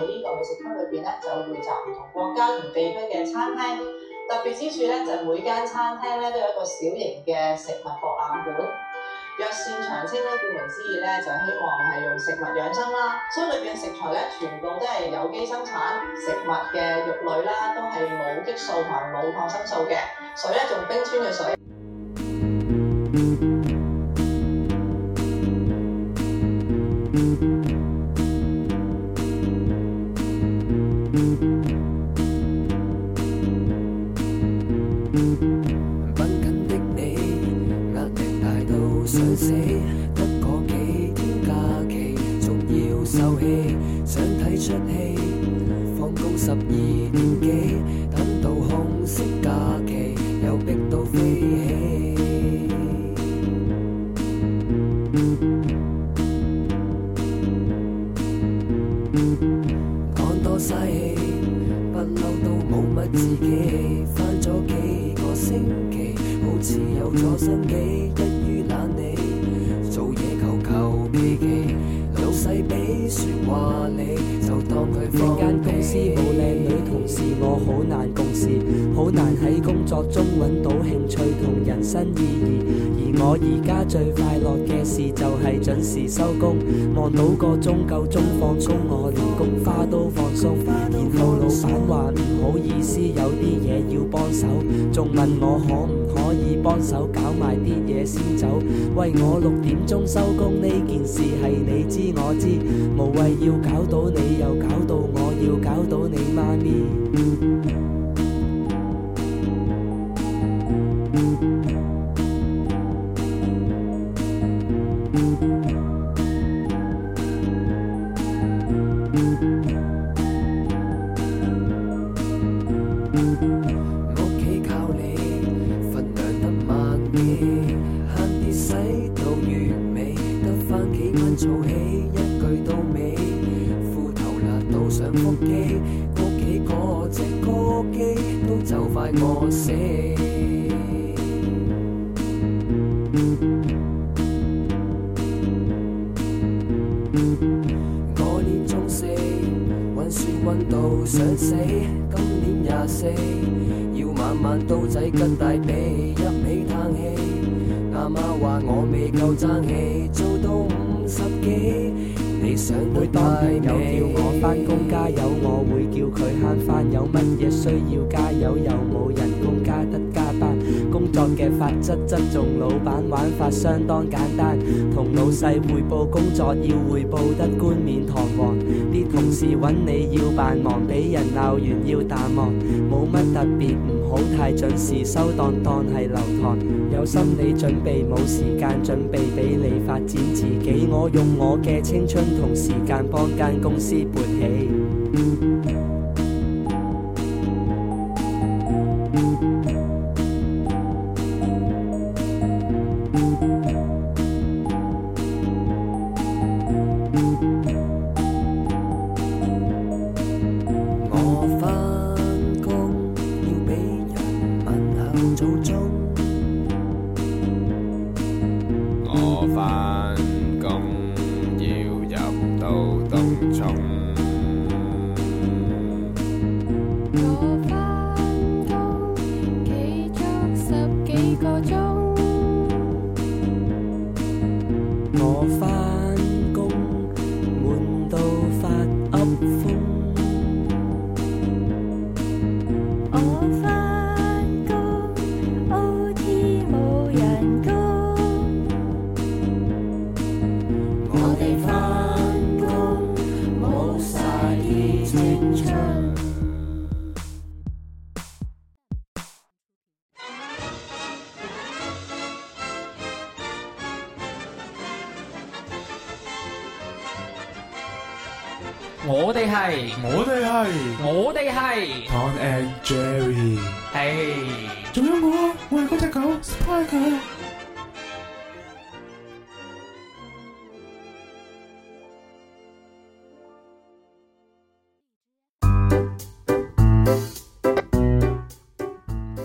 喺呢個美食區裏邊咧，就匯集唔同國家、同地區嘅餐廳。特別之處咧，就每間餐廳咧都有一個小型嘅食物博覽館。藥膳長青咧，顧名思義咧，就希望係用食物養生啦。所以裏邊食材咧，全部都係有機生產食物嘅肉類啦，都係冇激素同埋冇抗生素嘅。水咧，仲冰川嘅水。想死，今年廿四，要晚晚刀仔跟大啤一起嘆氣。阿媽話我未夠爭氣，做到五十幾，你想會帶你？當朋友叫我翻工加油，我會叫佢慳翻。有乜嘢需要加油，又冇人工加得加班。工作嘅法則，則做老闆玩法相當簡單，同老細匯報工作要匯報得冠冕堂皇，啲同事揾你要扮忙，俾人鬧完要淡忘，冇乜特別，唔好太準時收檔，當係留堂。有心理準備，冇時間準備俾你發展自己，我用我嘅青春同時間幫間公司撥起。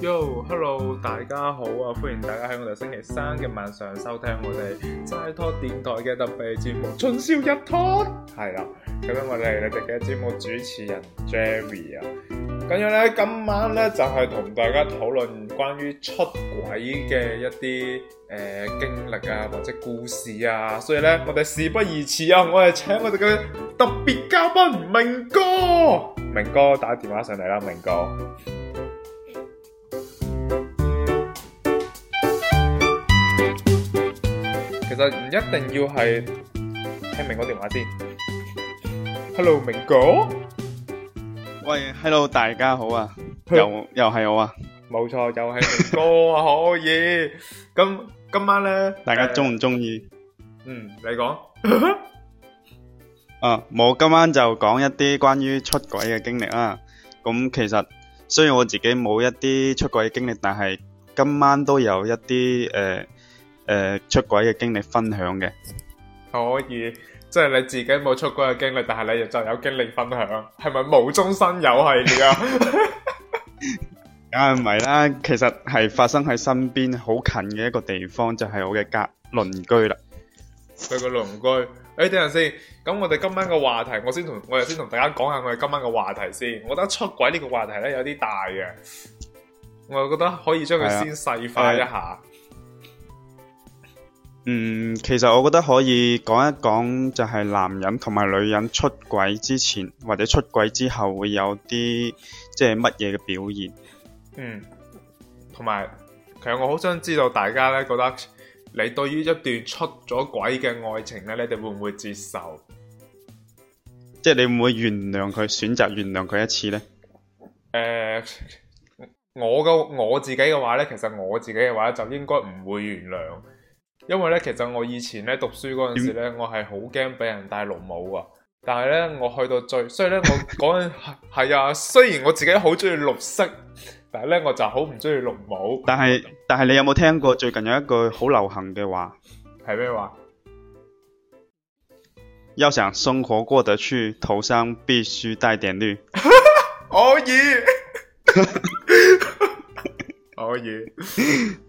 喲，hello，大家好啊！歡迎大家喺我哋星期三嘅晚上收聽我哋齋拖電台嘅特別節目《春宵一拖》是。係啦，咁樣我哋你哋嘅節目主持人 Jerry 啊，咁樣咧今晚咧就係、是、同大家討論關於出軌嘅一啲誒、呃、經歷啊或者故事啊，所以咧我哋事不宜遲啊，我哋請我哋嘅特別嘉賓明哥，明哥打電話上嚟啦，明哥。唔一定要係，聽明我電話先。Hello，明哥，喂，Hello，大家好啊，又又係我啊，冇錯，又係明哥，可以。咁今晚咧，大家中唔中意？嗯，你講。啊，我今晚就講一啲關於出軌嘅經歷啊。咁其實雖然我自己冇一啲出軌嘅經歷，但係今晚都有一啲誒。誒，出軌嘅經歷分享嘅。可以，即係你自己冇出軌嘅經歷，但係你就有經歷分享，係咪無中生有系列啊？梗係唔係啦，其實係發生喺身邊好近嘅一個地方，就係、是、我嘅隔鄰居啦。佢個鄰居，誒、欸，等陣先。咁我哋今晚嘅話題，我先同我哋先同大家講下我哋今晚嘅話題先。我覺得出軌呢個話題咧有啲大嘅，我覺得可以將佢先細化一下。嗯，其實我覺得可以講一講，就係男人同埋女人出軌之前或者出軌之後會有啲即係乜嘢嘅表現。嗯，同埋其實我好想知道大家呢，覺得你對於一段出咗軌嘅愛情呢，你哋會唔會接受？即係你會唔會原諒佢？選擇原諒佢一次呢？誒、呃，我嘅我自己嘅話呢，其實我自己嘅話就應該唔會原諒。因為咧，其實我以前咧讀書嗰陣時咧，我係好驚俾人戴綠帽啊！但係咧，我去到最，所以咧，我嗰陣係啊。 雖然我自己好中意綠色，但係咧，我就好唔中意綠帽。但係，但係你有冇聽過最近有一句好流行嘅話？係咩話？要想生活過得去，頭上必須帶點綠。可 以我也，可 以 我也。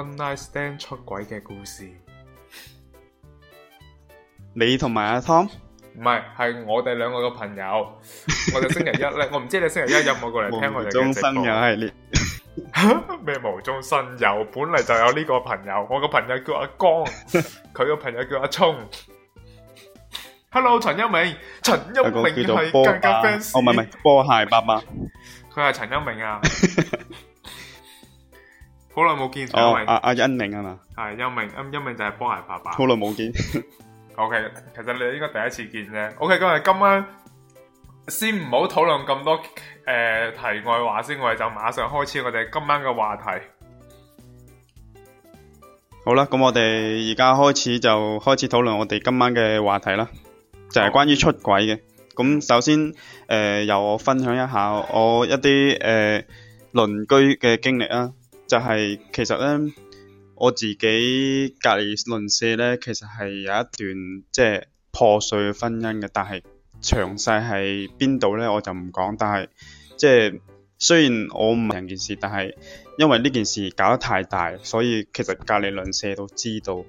One Night Stand 出軌嘅故事，你同埋阿湯唔係，係我哋兩個嘅朋友。我哋星期一咧，我唔知你星期一有冇過嚟聽我哋嘅直播。無中生有系列，咩無中生有？本嚟就有呢個朋友，我個朋友叫阿江，佢個朋友叫阿聰。Hello，陳一鳴，陳一鳴係更加 fans。哦，唔係，唔係，波鞋伯伯，佢係陳一鳴啊。好耐冇見，阿阿阿欣明啊嘛，係欣明，欣欣明就係波鞋爸爸。好耐冇見，OK，其實你應該第一次見啫。OK，咁我哋今晚先唔好討論咁多誒題外話先，我哋就馬上開始我哋今晚嘅話題。好啦，咁我哋而家開始就開始討論我哋今晚嘅話題啦，就係關於出軌嘅。咁首先誒，由我分享一下我一啲誒鄰居嘅經歷啊。就係、是、其實咧，我自己隔籬鄰舍咧，其實係有一段即係、就是、破碎嘅婚姻嘅，但係詳細係邊度咧，我就唔講。但係即係雖然我唔明成件事，但係因為呢件事搞得太大，所以其實隔籬鄰舍都知道。誒、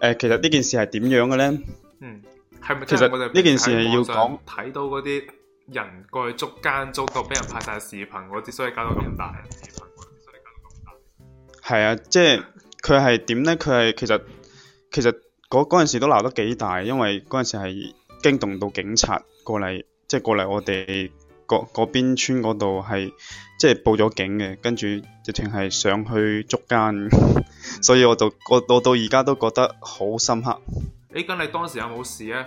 呃，其實呢件事係點樣嘅咧？嗯，係咪？其實呢件事係要講睇到嗰啲人過去捉奸捉到俾人拍晒視頻，我、嗯、之所以搞到咁大。係啊，即係佢係點咧？佢係其實其實嗰嗰陣時都鬧得幾大，因為嗰陣時係驚動到警察過嚟，即係過嚟我哋嗰嗰邊村嗰度係即係報咗警嘅，跟住直情係上去捉奸，嗯、所以我就我我到而家都覺得好深刻。誒、欸，咁你當時有冇事啊？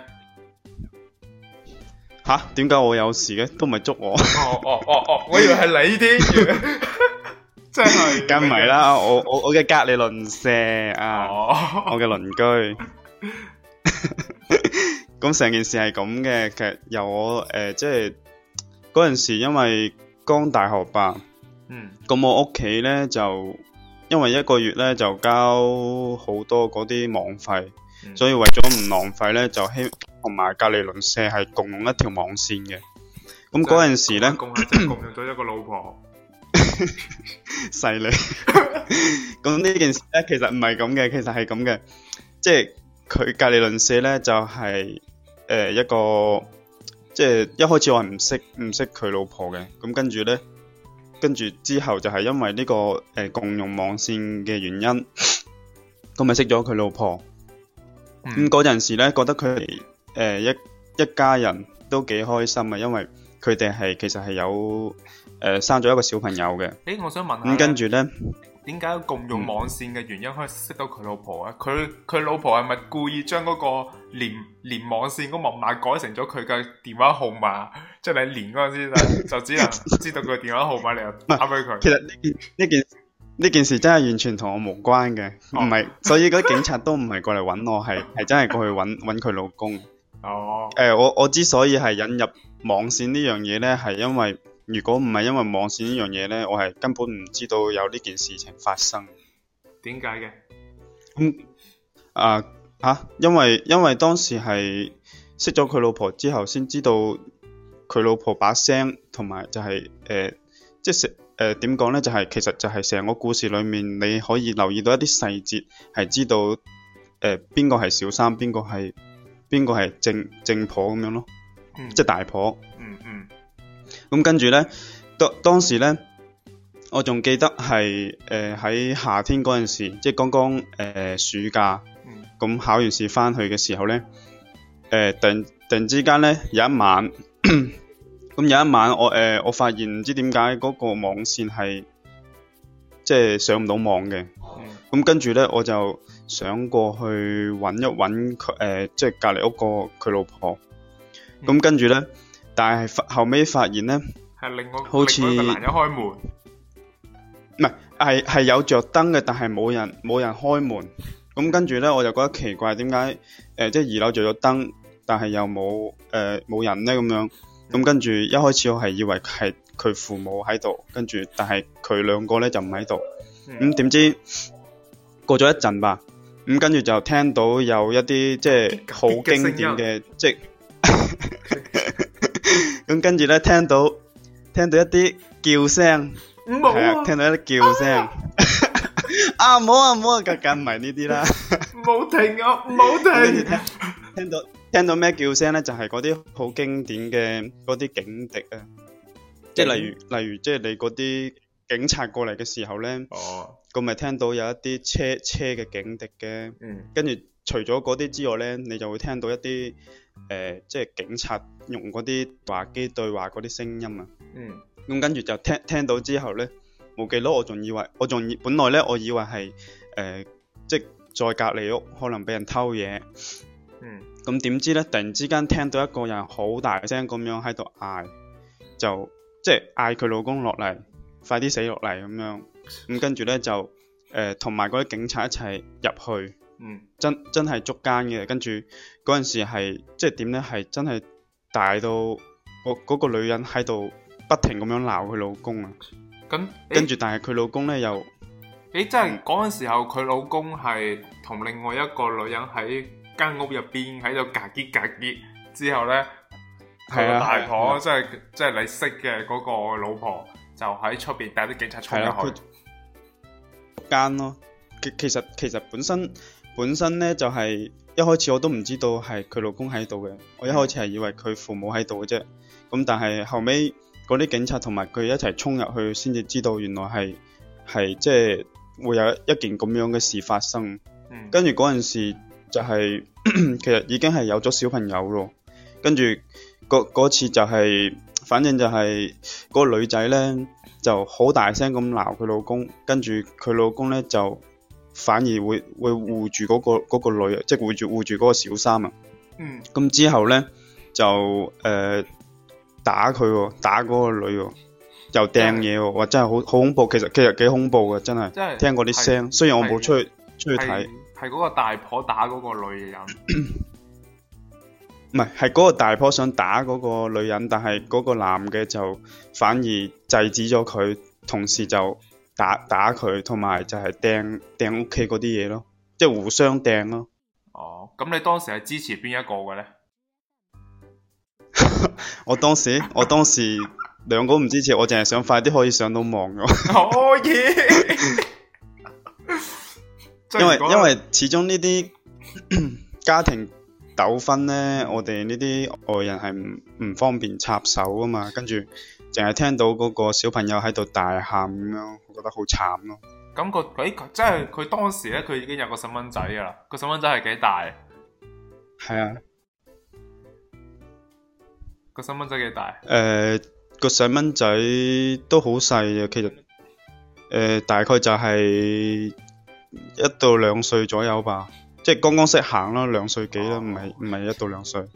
吓？點解我有事嘅？都唔係捉我。哦哦哦哦，我以為係你啲。 即係近埋啦，我我我嘅隔籬鄰舍啊，我嘅鄰居。咁成件事係咁嘅，其實由我誒，即係嗰陣時，因為剛大學吧。嗯。咁我屋企咧就因為一個月咧就交好多嗰啲網費，所以為咗唔浪費咧，就希望同埋隔籬鄰舍係共用一條網線嘅。咁嗰陣時咧，共用咗一個老婆。犀利，咁呢件事咧，其實唔係咁嘅，其實係咁嘅，即係佢隔籬鄰舍咧，就係、是、誒、呃、一個，即係一開始我係唔識唔識佢老婆嘅，咁跟住咧，跟住之後就係因為呢、這個誒、呃、共用網綫嘅原因，咁咪識咗佢老婆。咁嗰陣時咧，覺得佢哋誒、呃、一一家人都幾開心啊，因為佢哋係其實係有。誒，生咗一個小朋友嘅。誒，我想問下咁跟住咧，點解共用網線嘅原因可以識到佢、嗯、老婆啊？佢佢老婆係咪故意將嗰個連連網線個密碼改成咗佢嘅電話號碼？即 係連嗰陣先就就只能知道佢電話號碼嚟，打俾佢。其實呢件呢件呢件事真係完全同我無關嘅，唔、哦、係所以嗰啲警察都唔係過嚟揾我，係係真係過去揾揾佢老公哦。誒、欸，我我之所以係引入網線這件事呢樣嘢咧，係因為。如果唔係因為網線呢樣嘢呢，我係根本唔知道有呢件事情發生。點解嘅？咁、嗯、啊吓、啊，因為因為當時係識咗佢老婆之後，先知道佢老婆把聲同埋就係、是、誒，即係誒點講呢？就係、是呃就是、其實就係成個故事裏面，你可以留意到一啲細節，係知道誒邊個係小三，邊個係邊個係正正婆咁樣咯，嗯、即係大婆。嗯嗯。咁跟住咧，當當時咧，我仲記得係誒喺夏天嗰陣時，即係剛剛誒暑假，咁、嗯、考完試翻去嘅時候咧，誒、呃，突然突然之間咧，有一晚，咁 有一晚我誒、呃，我發現唔知點解嗰個網線係即係上唔到網嘅，咁、嗯、跟住咧，我就想過去搵一搵佢，誒、呃，即、就、係、是、隔籬屋個佢老婆，咁、嗯、跟住咧。但係發後尾發現咧，係另外好似有開門，唔係係係有着燈嘅，但係冇人冇人開門。咁跟住咧，我就覺得奇怪，點解誒即係二樓着咗燈，但係又冇誒冇人咧咁樣？咁、嗯、跟住一開始我係以為係佢父母喺度，跟住但係佢兩個咧就唔喺度。咁、嗯、點、嗯、知過咗一陣吧？咁跟住就聽到有一啲即係好經典嘅即係。咁跟住咧，聽到聽到一啲叫聲，係啊，聽到一啲叫聲。啊，唔好啊，唔好啊，夾夾埋呢啲啦。冇停啊，冇停！聽到聽到咩叫聲咧？就係嗰啲好經典嘅嗰啲警笛啊，即係例如例如，即係你嗰啲警察過嚟嘅時候咧。哦。咁咪聽到有一啲車車嘅警笛嘅。嗯。跟住，除咗嗰啲之外咧，你就會聽到一啲。誒、呃，即係警察用嗰啲話機對話嗰啲聲音啊。嗯。咁、嗯、跟住就聽聽到之後咧，冇記得，我仲以為，我仲本來咧，我以為係誒、呃，即係在隔離屋，可能俾人偷嘢。嗯。咁、嗯、點知咧，突然之間聽到一個人好大聲咁樣喺度嗌，就即係嗌佢老公落嚟，快啲死落嚟咁樣。咁、嗯、跟住咧就誒，同埋嗰啲警察一齊入去。嗯，真真係捉奸嘅，跟住嗰陣時係即係點咧？係真係大到我嗰、嗰個女人喺度不停咁樣鬧佢老公啊。咁、欸、跟住，但係佢老公咧又，誒、欸，即係嗰陣時候佢老公係同另外一個女人喺間屋入邊喺度夾結夾結，之後咧，係啊，大婆即係即係你識嘅嗰個老婆就喺出邊帶啲警察衝入去，奸、啊、咯。其其實其實本身。本身呢，就係、係、一開始我都唔知道係佢老公喺度嘅，我一開始係以為佢父母喺度嘅啫。咁但係後尾嗰啲警察同埋佢一齊衝入去，先至知道原來係係即係會有一件咁樣嘅事發生。嗯、跟住嗰陣時就係、係、其實已經係有咗小朋友咯。跟住嗰次就係、係，反正就係、係、嗰、個女仔呢，就好大聲咁鬧佢老公，跟住佢老公呢，就。反而會會護住嗰個嗰個女，即係護住護住嗰個小三啊。嗯。咁之後咧就誒打佢喎，打嗰個女喎，又掟嘢喎，哇！真係好好恐怖，其實其實幾恐怖嘅，真係。真係。聽過啲聲，雖然我冇出去出去睇。係嗰個大婆打嗰個女嘅人。唔係，係 嗰個大婆想打嗰個女人，但係嗰個男嘅就反而制止咗佢，同時就。打打佢，同埋就係掟掟屋企嗰啲嘢咯，即係互相掟咯。哦，咁你當時係支持邊一個嘅咧 ？我當時我當時兩個唔支持， 我淨係想快啲可以上到網噶、oh, yeah! 可以。因為因為始終呢啲家庭。糾紛呢，我哋呢啲外人係唔唔方便插手啊嘛，跟住淨係聽到嗰個小朋友喺度大喊咁樣，我覺得好慘咯。咁個幾，即係佢當時咧，佢已經有個細蚊仔噶啦，個細蚊仔係幾大？係啊，個細蚊仔幾大？誒，個細蚊仔都好細嘅，其實誒大概就係一到兩歲左右吧。即係剛剛識行啦，兩歲幾啦，唔係唔係一到兩歲，哦、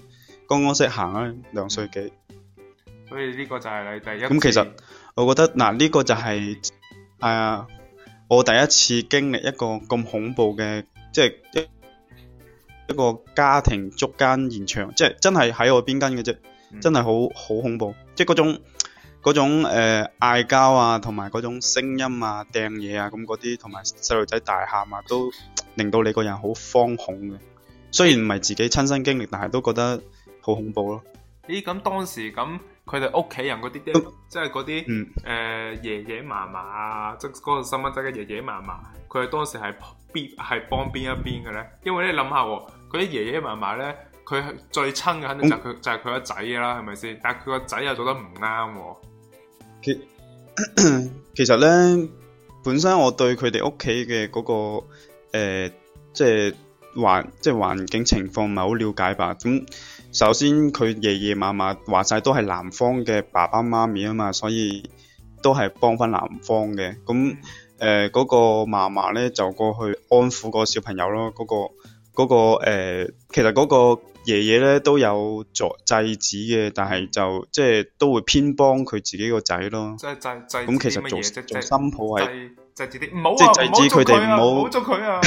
剛剛識行啦，兩歲幾。所以呢個就係你第一。咁其實我覺得嗱，呢個就係係啊，我第一次經歷一個咁恐怖嘅，即係一個家庭捉奸現場，即係真係喺我邊間嘅啫，真係好好恐怖，即係嗰種。嗰種嗌交、呃、啊，同埋嗰種聲音啊、掟嘢啊，咁嗰啲同埋細路仔大喊啊，都令到你個人好慌恐嘅。雖然唔係自己親身經歷，但係都覺得好恐怖咯。咦？咁當時咁佢哋屋企人嗰啲、嗯，即係嗰啲誒爺爺嫲嫲啊，即係嗰個細蚊仔嘅爺爺嫲嫲，佢哋當時係邊係幫邊一邊嘅咧？因為你諗下，嗰啲爺爺嫲嫲咧，佢係最親嘅、就係，肯、嗯、定就佢就係佢個仔啦，係咪先？但係佢個仔又做得唔啱、啊。其其實咧，本身我對佢哋屋企嘅嗰個誒、呃，即係環即係環境情況唔係好了解吧？咁首先佢爺爺嫲嫲話晒都係南方嘅爸爸媽咪啊嘛，所以都係幫翻南方嘅。咁誒，嗰、呃嗰個嫲嫲咧就過去安撫個小朋友咯，嗰個。嗰、那個誒、呃，其實嗰個爺爺咧都有制止嘅，但係就即係都會偏幫佢自己個仔咯。即係制制咁其實做做新抱係制止啲唔好啊，唔好做佢哋唔好佢啊。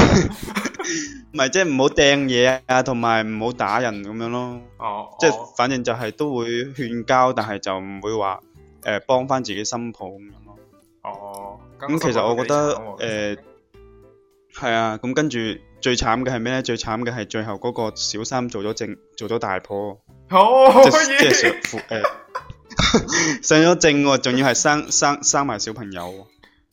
唔係即係唔好掟嘢啊，同埋唔好打人咁樣咯。哦，即係、哦、反正就係都會勸交，但係就唔會話誒幫返自己新抱咁樣咯。哦，咁、哦、其實我覺得誒係、那個呃嗯、啊，咁跟住。最慘嘅係咩咧？最慘嘅係最後嗰個小三做咗正，做咗大婆，即係成副誒，上咗正，仲要係生生生埋小朋友。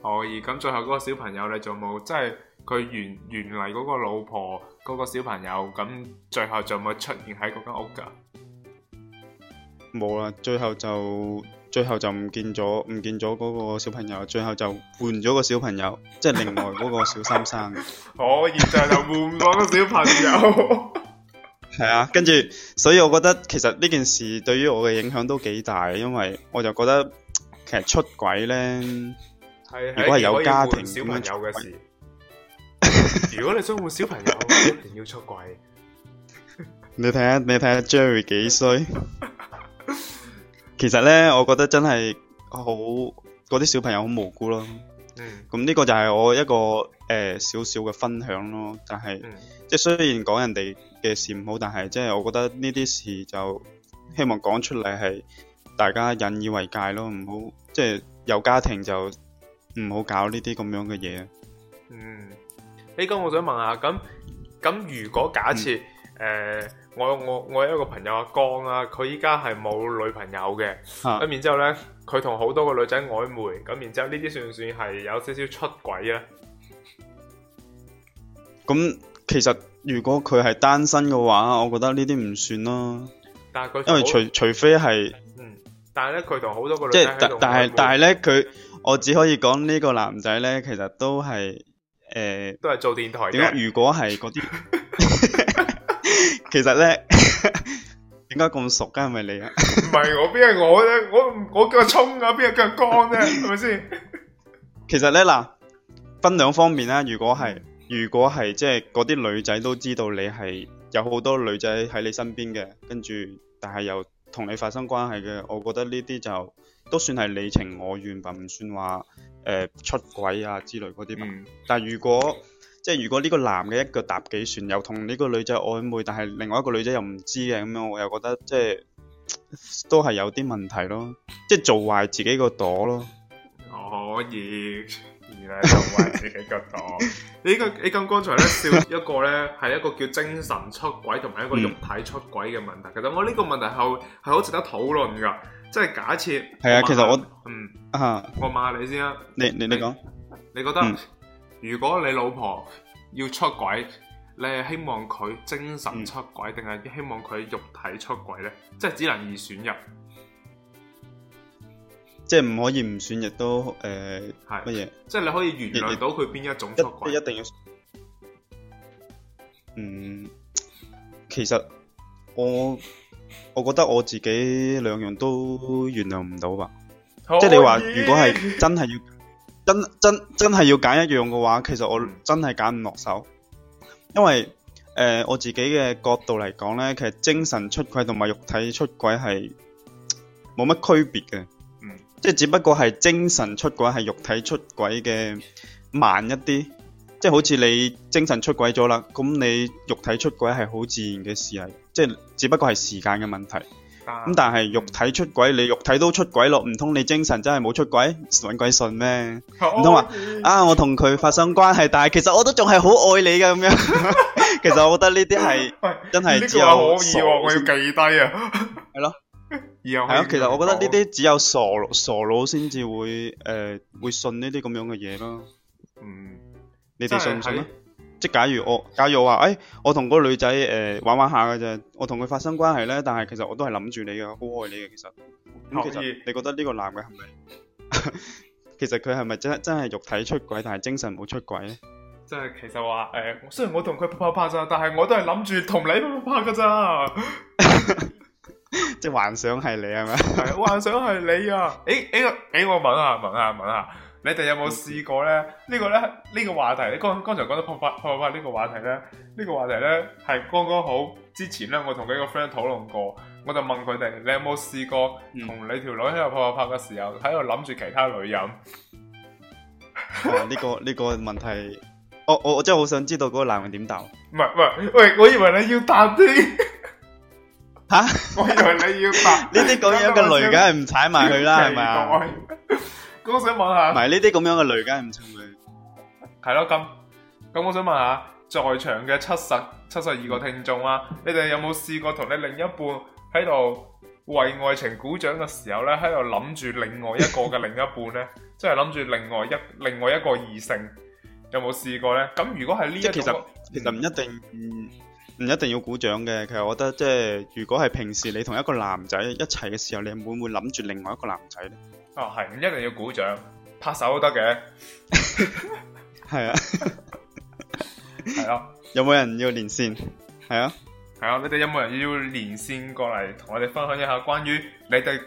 可以，咁最後嗰個小朋友你仲冇，即係佢原原嚟嗰個老婆嗰個小朋友，咁最後仲冇出現喺嗰間屋噶？冇啦，最後就。最後就唔見咗，唔見咗嗰個小朋友，最後就換咗個小朋友，即係另外嗰個小三生。哦，然之後就換咗個小朋友，係啊，跟住，所以我覺得其實呢件事對於我嘅影響都幾大，因為我就覺得其實出軌呢，如果係有家庭小朋友嘅事，如果你想換小朋友，一定要出軌。你睇下，你睇下 Jerry 幾衰。其實咧，我覺得真係好，嗰啲小朋友好無辜咯。嗯，咁呢個就係我一個誒少少嘅分享咯。但係即係雖然講人哋嘅事唔好，但係即係我覺得呢啲事就希望講出嚟係大家引以為戒咯。唔好即係有家庭就唔好搞呢啲咁樣嘅嘢。嗯，呢個我想問下，咁咁如果假設誒？嗯呃我我我有一個朋友阿江啊，佢依家係冇女朋友嘅，咁、啊、然之後呢，佢同好多個女仔曖昧，咁然之後呢啲算唔算係有少少出軌啊？咁、嗯、其實如果佢係單身嘅話，我覺得呢啲唔算咯。但係佢因為除、嗯、除非係、嗯，但係呢、即係，佢同好多個女仔，即係但係但係咧佢，我只可以講呢個男仔呢，其實都係誒、呃，都係做電台的。點解？如果係嗰啲。 其實咧，點解咁熟梗係咪你啊？唔係我邊係我咧？我我叫個沖啊，邊係叫個光咧？係咪先？其實咧嗱，分兩方面啦。如果係如果係即係嗰啲女仔都知道你係有好多女仔喺你身邊嘅，跟住但係又同你發生關係嘅，我覺得呢啲就都算係你情我願，就唔算話誒、呃、出軌啊之類嗰啲嘛。但係如果即係如果呢個男嘅一腳踏幾船，又同呢個女仔曖昧，但係另外一個女仔又唔知嘅咁樣，我又覺得即係都係有啲問題咯。即係做壞自己個朵咯。可以，而係做壞自己個、 這個朵。你個你咁剛才咧笑一個咧，係一個叫精神出軌同埋一個肉體出軌嘅問題，嗯問題。其實我呢個問題係係好值得討論噶。即係假設係啊，其實我嗯啊，我問下你先啊，你你你講你，你覺得、嗯？如果你老婆要出軌，你係希望佢精神出軌，定係希望佢肉體出軌咧？即係只能二選一，即係唔可以唔選，亦都誒係乜嘢？即係你可以原諒到佢邊一種出軌？一一定要？嗯，其實我我覺得我自己兩樣都原諒唔到吧。即係你話如果係真係要。真真真係要揀一樣嘅話，其實我真係揀唔落手，因為誒、呃、我自己嘅角度嚟講呢，其實精神出軌同埋肉體出軌係冇乜區別嘅，即係只不過係精神出軌係肉體出軌嘅慢一啲，即係好似你精神出軌咗啦，咁你肉體出軌係好自然嘅事嚟，即係只不過係時間嘅問題。咁但係肉體出軌、嗯，你肉體都出軌咯，唔通你精神真係冇出軌？搵鬼信咩？唔通話啊，我同佢發生關係，但係其實我都仲係好愛你㗎咁樣 其。 其實我覺得呢啲係真係只有可以，我要記低啊。係咯，係啊。其實我覺得呢啲只有傻傻佬先至會誒、呃、會信呢啲咁樣嘅嘢咯。嗯，你哋信唔信啊？即係假如我，假如我話，誒、欸，我同嗰個女仔誒、欸、玩玩下嘅啫，我同佢發生關係咧，但係其實我都係諗住你嘅，好愛你嘅，其實。咁其實。你覺得呢個男嘅係咪？其實佢係咪真真係肉體出軌，但係精神冇出軌咧？即係其實話誒，雖然我同佢啪啪啪咋，但係我都係諗住同你啪啪啪嘅咋。 即係幻想係你係咪？幻想係你啊！誒誒誒，我問下問下問下。問你哋有冇試過咧？呢個咧，呢個話題，你剛剛才講到拍拍拍呢個話題咧，呢個話題咧係剛剛好之前咧，我同幾個 friend 討論過，我就問佢哋，你有冇試過同你條女喺度拍拍拍嘅時候喺度諗住其他女人？呢個呢個問題，我我我真係好想知道嗰個男人點答。唔係唔係，喂，我以為你要答啲。吓？我以為你要答呢啲咁樣嘅雷，梗係唔踩埋佢啦，係咪啊？我想問下，唔係呢啲咁樣嘅女，梗係唔情侶。係咯，咁咁，我想問下，在場嘅七十七十二個聽眾啊，你哋有冇試過同你另一半喺度為愛情鼓掌嘅時候呢？喺度諗住另外一個嘅另一半呢？即係諗住另外一另外一個異性，有冇試過呢？咁如果係呢一種，其實其實唔一定唔、嗯、唔一定要鼓掌嘅。其實我覺得、就是，即係如果係平時你同一個男仔一齊嘅時候，你會唔會諗住另外一個男仔呢？哦，係唔一定要鼓掌拍手都得嘅，係啊，係咯。有冇人要連線？係啊，係啊。你哋有冇人要連線過嚟同我哋分享一下關於你哋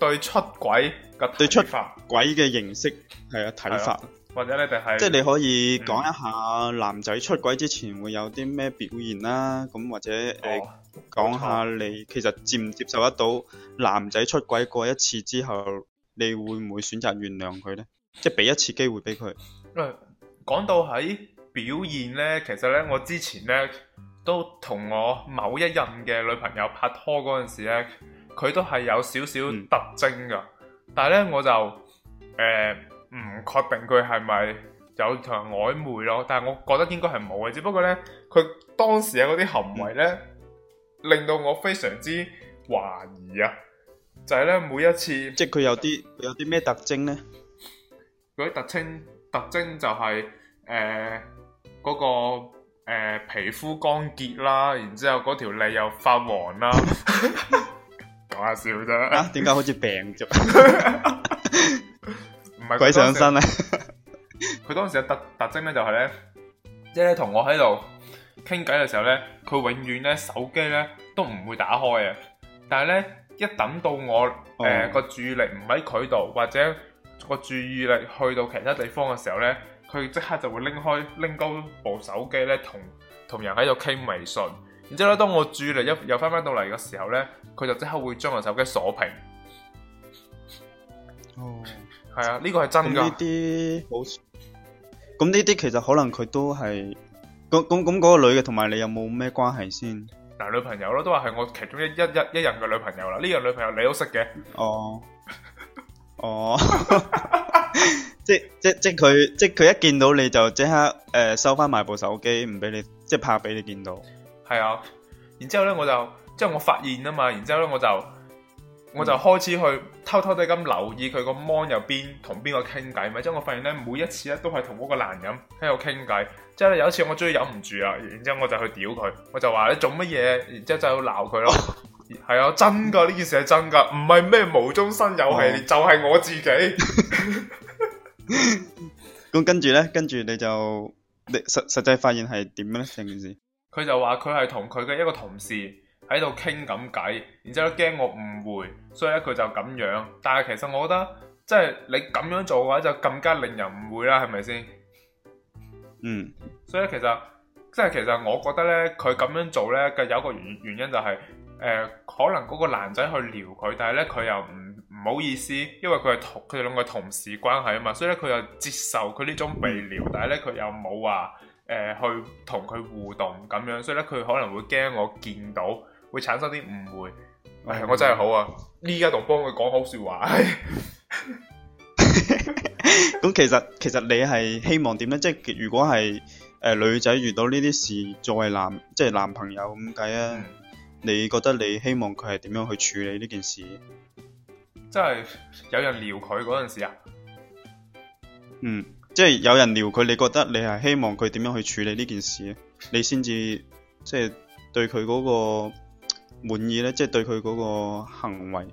對出軌嘅睇法，鬼嘅認識？係啊，睇法或者你哋係即係你可以講一下男仔出軌之前會有啲咩表現啦。咁或者誒講下你其實接唔接受得到男仔出軌過一次之後？你會唔會選擇原諒佢呢？即係俾一次機會俾佢。誒，講到喺表現呢，其實呢，我之前呢都同我某一任嘅女朋友拍拖嗰陣時呢，佢都係有少少特徵㗎，嗯，但係呢，我就誒唔確定佢係咪有場曖昧咯，但係我覺得應該係冇嘅，只不過呢，佢當時嘅嗰啲行為呢，嗯，令到我非常之懷疑啊。就係咧，每一次，即係佢有啲有啲咩特徵咧？嗰啲特徵特徵就係誒嗰個誒皮膚乾結啦，然之後嗰條脷又發黃啦。講下笑啫。啊？點解好似病咗？唔係鬼上身啊！佢當時嘅特特徵咧就係咧，即係同我喺度傾偈嘅時候咧，佢永遠咧手機咧都唔會打開啊！但係咧。一等到我誒，個注意力唔喺佢度，或者個注意力去到其他地方嘅時候呢，佢即刻就會拎開拎高部手機呢，同同人喺度傾微信。然之後咧，當我注意力一又翻翻到嚟嘅時候呢，佢就即刻會將個手機鎖屏。哦，係啊，呢個係真㗎。呢啲冇錯。咁呢啲其實可能佢都係。咁咁咁嗰個女嘅同埋你有冇咩關係先？女朋友咯，都話係我其中一、一、一、一人嘅女朋友啦。呢個女朋友你都識嘅，哦，哦，即係即即係佢，即係佢一見到你就即刻誒收翻埋部手機，唔俾你，即係怕俾你見到。係啊，然之後咧我就，即係我發現啊嘛，然之後咧我就。我就開始去偷偷地咁留意佢個 mon 入邊同邊個傾偈，咪即係我發現咧，每一次咧都係同嗰個男人喺度傾偈。即係有一次我終於忍唔住啊，然之後我就去屌佢，我就話你做乜嘢？然之後就要鬧佢咯。係、哦、啊，真噶呢 件事係真噶，唔係咩無中生有，係、哦、就係我自己。咁 跟住呢，跟住你就你實實際發現係點呢？成件事佢就話佢係同佢嘅一個同事。喺度傾咁偈，然之後驚我誤會，所以咧佢就咁樣。但係其實我覺得，即係你咁樣做嘅話，就更加令人誤會啦，係咪先？嗯。所以咧，其實即係其實我覺得咧，佢咁樣做咧，更有一個原原因就係、是，誒、呃，可能嗰個男仔去撩佢，但係咧佢又唔唔好意思，因為佢係同佢哋兩個同事關係啊嘛，所以咧佢又接受佢呢種被撩，但係咧佢又冇話誒去同佢互動咁樣，所以咧佢可能會驚我見到。會產生啲誤會，唔、哎哎、我真係好啊！呢家度幫佢講好說話咁， 其實其實你係希望點呢？即係如果係誒、呃、女仔遇到呢啲事，作為男即係男朋友咁計啊，你覺得你希望佢係點樣去處理呢件事？即係有人撩佢嗰陣時啊，嗯，即係有人撩佢，你覺得你係希望佢點樣去處理呢件事？你先至即係對佢嗰、嗰個。滿意咧，即係對佢嗰個行為，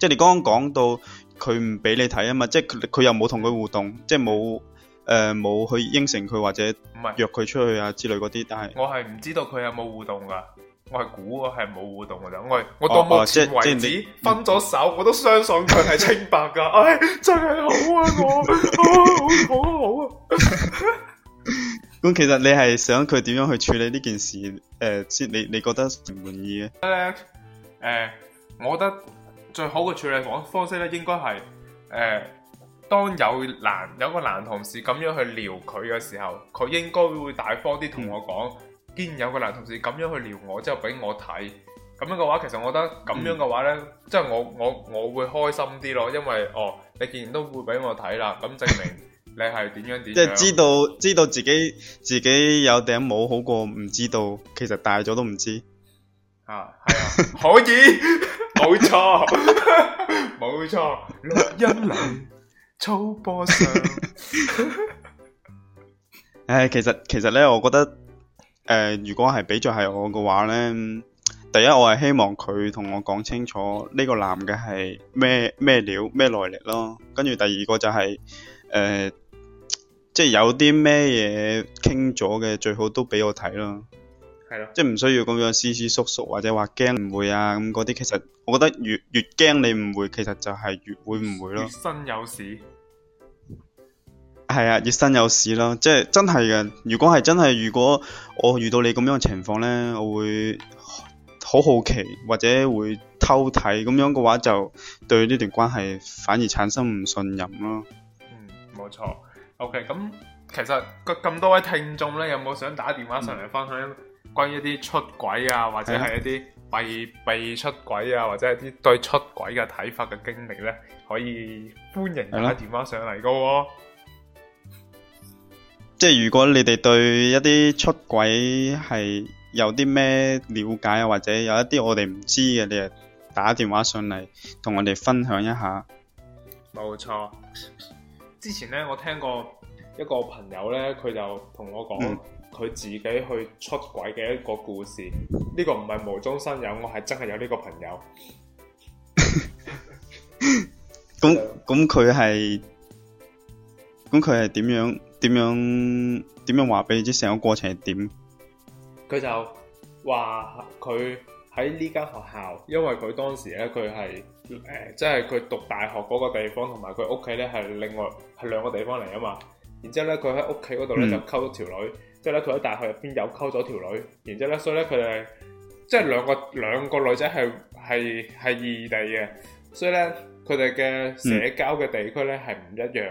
即係你剛剛講到佢唔俾你睇啊嘛，即係佢佢又冇同佢互動，即係冇誒冇去應承佢或者唔係約佢出去啊之類嗰啲，但係我係唔知道佢有冇互動噶，我係估我係冇互動噶，我我到目前為止分咗手，我都相信佢係清白噶，唉真係好啊我啊好好好啊。咁其實你係想佢點樣去處理呢件事？誒，先你你覺得唔滿意嘅咧？誒，我覺得最好嘅處理方方式咧，應該係誒，當有男有個男同事咁樣去撩佢嘅時候，佢應該會大方啲同我講，既然有個男同事咁樣去撩我之後俾我睇，咁樣嘅話，其實我覺得咁樣嘅話咧，即係我我我會開心啲咯，因為哦，你既然都會俾我睇啦，咁證明。你係點樣點？即、就、係、是、知道知道自己自己有頂帽好過唔知道，其實戴咗都唔知道。啊，係、啊、 可以，冇 錯沒錯，冇 錯錯。錄音量操波上。 其實其實咧，我覺得，誒、呃，如果係比賽係我嘅話咧，第一我係希望佢同我講清楚呢個男嘅係咩咩料咩來歷咯，跟住第二個就係、是、誒。呃嗯即係有啲咩嘢傾咗嘅，最好都俾我睇咯，係咯，即係唔需要咁樣私私縮縮，或者話驚唔會啊咁嗰啲。那那其實我覺得越越驚你唔會，其實就係越會唔會咯。越新有事係啊，越新有事咯。即係真係嘅。如果係真係，如果我遇到你咁樣嘅情況呢，我會好好奇或者會偷睇咁樣嘅話，就對呢段關係反而產生唔信任咯。嗯，冇錯。OK，咁其實咁多位聽眾呢，有冇想打電話上嚟分享關於一啲出軌啊、嗯，或者係一啲被被出軌啊的，或者係一啲對出軌嘅睇法嘅經歷呢？可以歡迎打電話上嚟嘅、哦，即係如果你哋對一啲出軌係有啲咩了解啊，或者有一啲我哋唔知嘅，你係打電話上嚟同我哋分享一下。冇錯。之前咧，我聽過一個朋友咧，佢就同我講佢自己去出軌嘅一個故事。呢個唔係無中生有，我係真係有呢個朋友。咁咁佢係，咁佢係點樣點樣點樣話俾你知成個過程係點？佢就話佢喺呢間學校，因為佢當時咧佢係。誒、呃，即係佢讀大學嗰個地方，同埋佢屋企咧係另外係兩個地方嚟啊嘛。然之後咧，佢喺屋企嗰度咧就溝咗條女，即係咧佢喺大學入邊又溝咗條女。然之後咧，所以咧佢哋即係兩個兩個女仔係係係異地嘅，所以咧佢哋嘅社交嘅地區咧係唔一樣。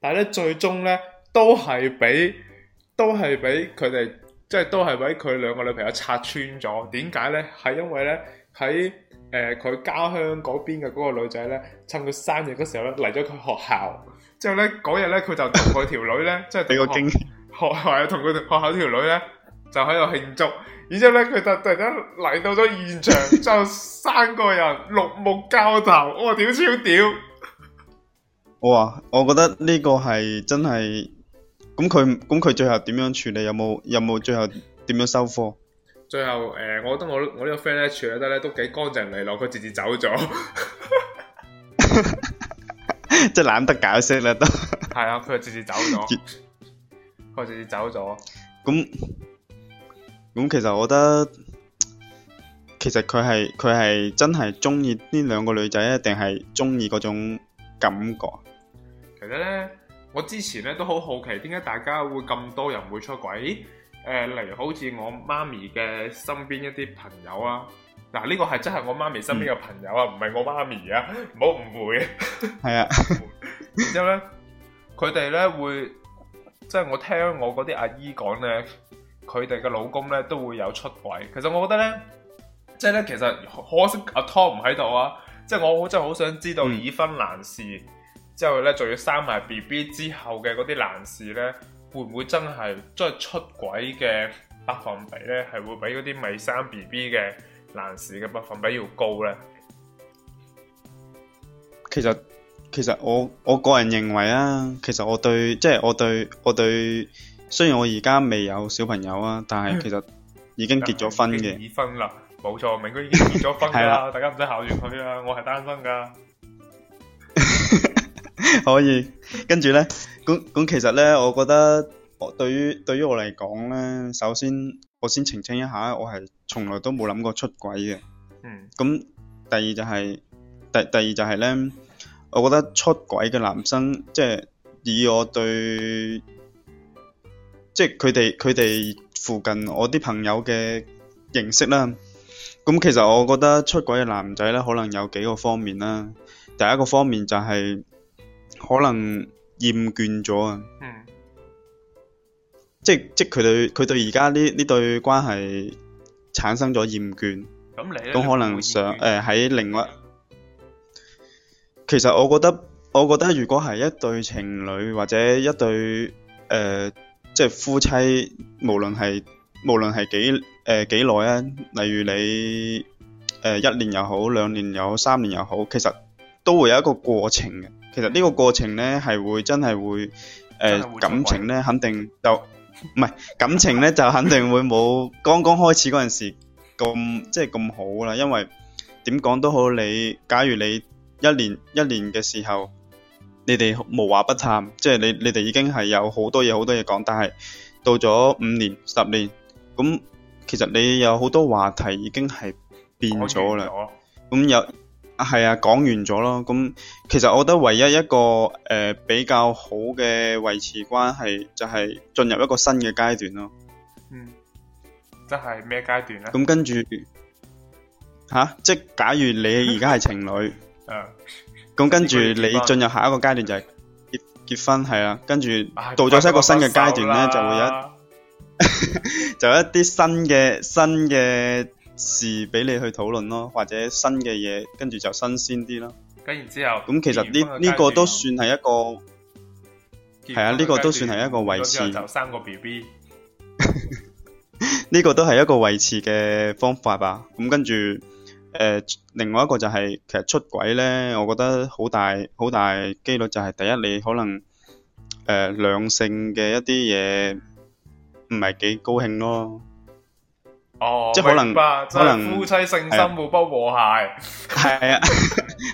但係咧最終咧都係俾都係俾佢哋，即係都係俾佢兩個女朋友拆穿咗。點解咧？係因為咧喺。在誒、呃，佢家鄉嗰邊嘅嗰個女仔咧，趁佢生日嗰時候咧嚟咗佢學校，之後咧嗰日咧佢就同佢條女咧，即係畀個驚，學校同佢學校條女咧就喺度慶祝，然之後咧佢突然間嚟到咗現場，就 三個人六目交頭，我屌超屌！哇，我覺得呢個係真係，咁佢咁佢最後點樣處理？有冇有冇最後點樣收貨？最後誒，我覺得我我呢個 friend 咧處理得咧都幾乾淨利落，佢直接走咗，即係懶得解釋啦，都係啊，佢就直接走咗，佢直接走咗。咁咁其實我覺得，其實佢係佢係真係中意呢兩個女仔咧，定係中意嗰種感覺。其實咧，我之前咧都好好奇，點解大家會咁多人會出軌？誒、呃，例如好似我媽咪嘅身邊一啲朋友啊，嗱、啊、呢、呢個係真係我媽咪身邊嘅朋友啊，唔、嗯、係我媽咪啊，唔好誤會，係啊。之 後咧，佢哋咧會，即係我聽我嗰啲阿姨講咧，佢哋嘅老公咧都會有出軌。其實我覺得咧，即係咧，其實可惜阿 Tom 唔喺度啊。即係我真係好想知道已婚男士、嗯、之後咧，仲要生埋 BB 之後嘅嗰啲男士咧。會唔會真係即係出軌嘅百分比咧，係會比嗰啲未生 BB 嘅男士嘅百分比要高咧？其實其實我我個人認為啊，其實我對即係我對我對，雖然我而家未有小朋友啊，但係其實已經結咗婚嘅。已婚啦，冇錯，明哥已經結咗婚啦，大家唔使考慮佢啊，我係單身噶。 可以，跟住咧，咁咁，其實咧，我覺得我對於對於我嚟講咧，首先我先澄清一下，我係從來都冇諗過出軌嘅。嗯，咁第二就係第第二就係咧，我覺得出軌嘅男生，即係以我對即係佢哋佢哋附近我啲朋友嘅認識啦。咁其實我覺得出軌嘅男仔咧，可能有幾個方面啦。第一個方面就係。可能厭倦咗啊、嗯！即即佢對佢對而家呢呢對關係產生咗厭倦，咁你都可能想誒喺另外。其實我覺得，我覺得如果係一對情侶或者一對誒，即、呃係、夫妻，無論係無論係幾誒、呃、幾耐啊，例如你誒、呃、一年又好，兩年又好，三年又好，其實都會有一個過程嘅。其實呢個過程呢，係會真係會，誒、呃、感情呢，肯定就唔係感情呢，就肯定會冇剛剛開始嗰陣時咁，即係咁好啦。因為點講都好，你假如你一年一年嘅時候，你哋無話不談，即、就、係、是、你你哋已經係有好多嘢好多嘢講，但係到咗五年十年咁，其實你有好多話題已經係變咗啦。咁有。係啊，講完咗咯。咁其實我覺得唯一一個誒、呃、比較好嘅維持關係，就係進入一個新嘅階段咯。嗯，即係咩階段咧？咁跟住吓，即係假如你而家係情侶，咁 跟住你進入下一個階段就係結結婚，係啊，跟住到咗一個新嘅階段咧，就會有 就一啲新嘅新嘅。事俾你去討論咯，或者新嘅嘢，跟住就新鮮啲咯。咁然之後，咁其實呢呢個都算係一個，係啊，呢個都算係一個維持。就生個 B B，呢個都係一個維持嘅方法吧。咁跟住，誒，另外一個就係，其實出軌咧，我覺得好大好大幾率就係，第一你可能誒兩性嘅一啲嘢唔係幾高興咯。哦，即係可能，可能夫妻性生活不和諧，係係啊，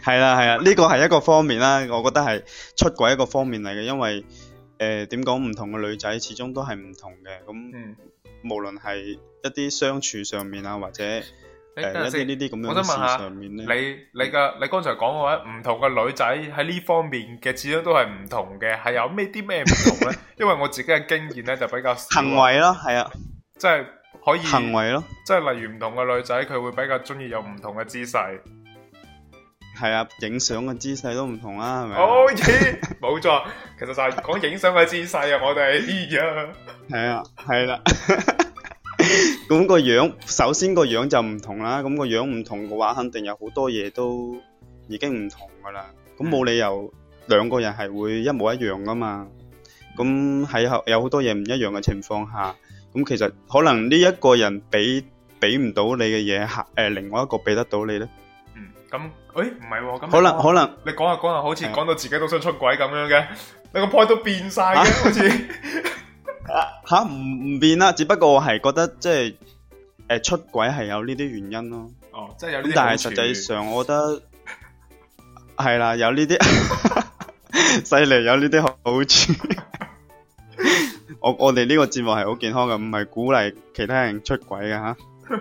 係啦係啊，呢個係一個方面啦，我覺得係出軌一個方面嚟嘅，因為誒點講，唔同嘅女仔始終都係唔同嘅，咁無論係一啲相處上面啊，或者誒一啲呢啲咁嘅事上面咧，你你嘅你剛才講嘅話，唔同嘅女仔喺呢方面嘅始終都係唔同嘅，係有咩啲咩唔同咧？因為我自己嘅經驗咧就比較少，行為咯，係啊，即係。可以，行為咯，即係例如唔同嘅女仔，佢會比較中意有唔同嘅姿勢。係啊，影相嘅姿勢都唔同啦，係咪？哦，冇錯，其實就係講影相嘅姿勢啊，我哋依樣。係啊，係啦。咁個樣，首先個樣就唔同啦。咁、那個樣唔同嘅話，肯定有好多嘢都已經唔同噶啦。咁、嗯、冇理由兩個人係會一模一樣噶嘛。咁喺有好多嘢唔一樣嘅情況下。咁其實可能呢一個人俾俾唔到你嘅嘢，下誒另外一個俾得到你咧。嗯，咁誒唔係，咁可能可能你講下講下，好似講到自己都想出軌咁樣嘅，你個 point 都變晒嘅，好似吓唔唔變啦，只不過我係覺得即係誒出軌係有呢啲原因咯。哦，即係有呢啲。但係實際上我覺得係啦，有呢啲，犀利有呢啲好處。我我哋呢個節目係好健康嘅，唔係鼓勵其他人出軌嘅吓。咁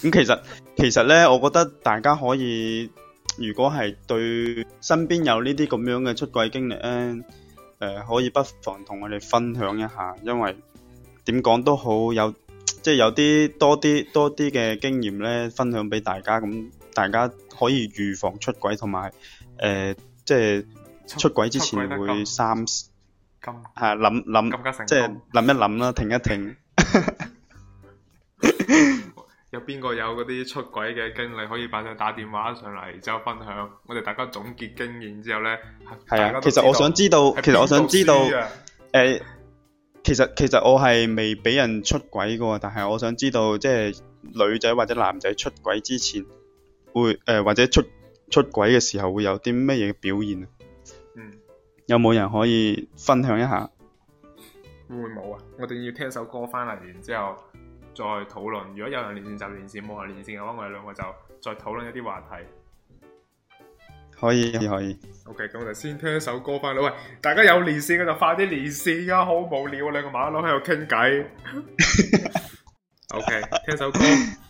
其實其實呢，我覺得大家可以，如果係對身邊有呢啲咁樣嘅出軌經歷呢誒、呃，可以不妨同我哋分享一下，因為點講都好有，即係有啲多啲多啲嘅經驗呢，分享俾大家，咁、嗯、大家可以預防出軌，同埋誒，即係出軌之前會三。係諗諗，即係諗一諗啦，停一停。 有邊個有嗰啲出軌嘅經歷，可以擺上打電話上嚟，之後分享，我哋大家總結經驗之後咧。係啊，其實我想知道，其實我想知道，誒、啊呃，其實其實我係未俾人出軌㗎，但係我想知道，即係女仔或者男仔出軌之前，會誒、呃、或者出出軌嘅時候會有啲咩嘢表現啊？有冇人可以分享一下？會冇啊？我哋要聽首歌翻嚟，然之後再討論。如果有人連線就連線，冇連線嘅話，我哋兩個就再討論一啲話題可以啊。可以，可以。OK，咁我哋先聽一首歌翻嚟。喂，大家有連線嘅就快啲連線啊！好無聊啊，兩個馬騮喺度傾偈。 OK，聽首歌。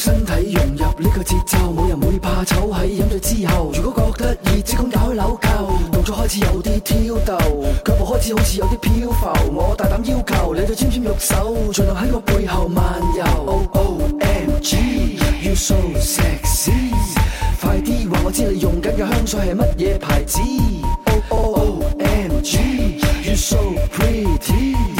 身體融入呢個節奏，冇人會怕醜喺飲醉之後。如果覺得熱，即管解開紐扣，動作開始有啲挑逗，腳步開始好似有啲漂浮。我大膽要求你對尖尖玉手，盡量喺我背後漫遊。O O M G you so sexy，快啲話我知你用緊嘅香水係乜嘢牌子。O O M G you so pretty。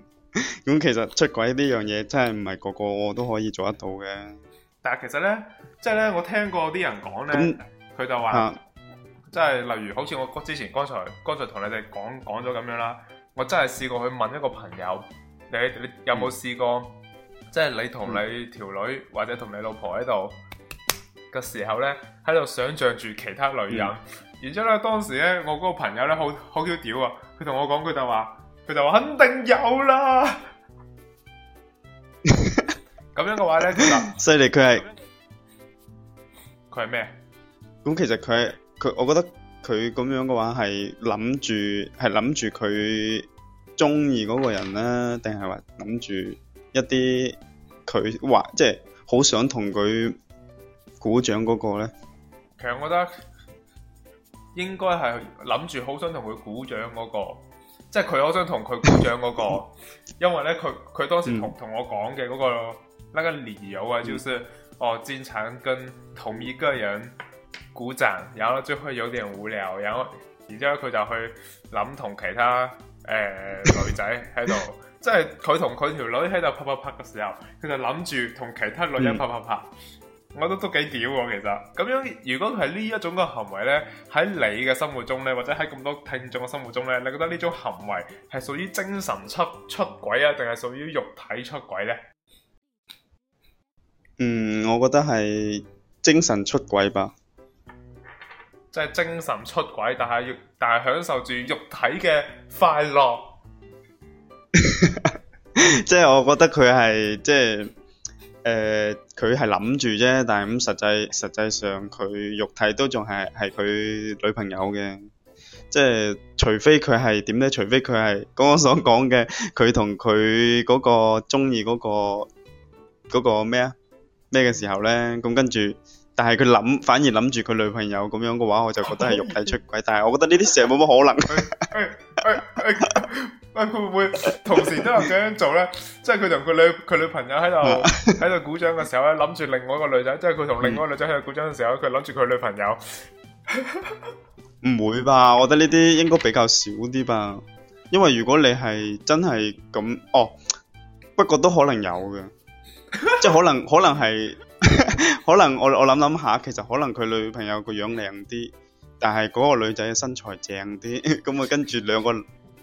咁 其實出軌呢樣嘢真係唔係個個都可以做得到嘅。但係其實呢，即、就、係、是、呢，我聽過啲人講呢，佢、嗯、就話、嗯，即係例如好似我之前剛才剛才同你哋講講咗咁樣啦，我真係試過去問一個朋友，你你有冇試過，嗯、即係你同你條女、嗯、或者同你老婆喺度嘅時候呢，喺度想象住其他女人，嗯、然之後呢當時呢我嗰個朋友呢，好好 Q 屌啊，佢同我講佢就話。佢就話肯定有啦，咁樣嘅話咧，其實犀利佢係佢係咩？咁其實佢佢，我覺得佢咁樣嘅話係諗住係諗住佢中意嗰個人咧，定係話諗住一啲佢話即係好想同佢鼓掌嗰個咧？其實我覺得應該係諗住好想同佢鼓掌嗰個。即係佢好想同佢鼓掌嗰、那個， 因為咧佢佢當時同同我講嘅嗰個那個理由、那個、啊，就是 哦經常跟同一個人鼓掌，然後就會有點無聊，然後而之後佢就去諗同其他誒、呃、 女仔喺度，即係佢同佢條女喺度啪啪啪嘅時候，佢就諗住同其他女人啪啪啪。 我覺得都都幾屌喎，其實咁樣，如果佢係呢一種嘅行為呢，喺你嘅心目中呢，或者喺咁多聽眾嘅心目中呢，你覺得呢種行為係屬於精神出出軌啊，定係屬於肉體出軌呢？嗯，我覺得係精神出軌吧，即係精神出軌，但係但係享受住肉體嘅快樂，即 係我覺得佢係即係。就是誒、呃，佢係諗住啫，但係咁實際實際上佢肉體都仲係係佢女朋友嘅，即係除非佢係點咧？除非佢係剛剛所講嘅，佢同佢嗰個中意嗰個、嗰個咩啊咩嘅時候咧，咁跟住，但係佢諗反而諗住佢女朋友咁樣嘅話，我就覺得係肉體出軌， 但係我覺得呢啲事係冇乜可能、哎。哎哎哎 喂，佢會唔會同時都有咁樣做咧？即係佢同佢女佢女朋友喺度喺度鼓掌嘅時候咧，諗住另外一個女仔，即係佢同另外一個女仔喺度鼓掌嘅時候，佢諗住佢女朋友。唔會吧？我覺得呢啲應該比較少啲吧。因為如果你係真係咁，哦，不過都可能有嘅，即係可能可能係可能我我諗諗下，其實可能佢女朋友個樣靚啲，但係嗰個女仔嘅身材正啲，咁啊跟住兩個，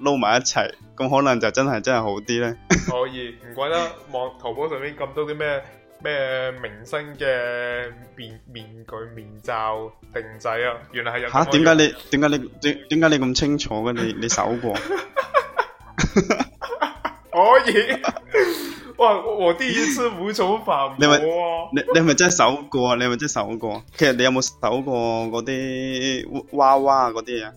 撈埋一齊，咁可能就真係真係好啲咧。可以唔怪得望淘寶上面咁多啲咩咩明星嘅面面具面罩定制啊，原來係吓，點解你點解 你點點解你咁清楚嘅？你你搜過可以。哇！我第一次無從反駁。你咪你你係咪真係搜過，你係咪真係搜過。其實你有冇搜過嗰啲娃娃嗰啲嘢？誒、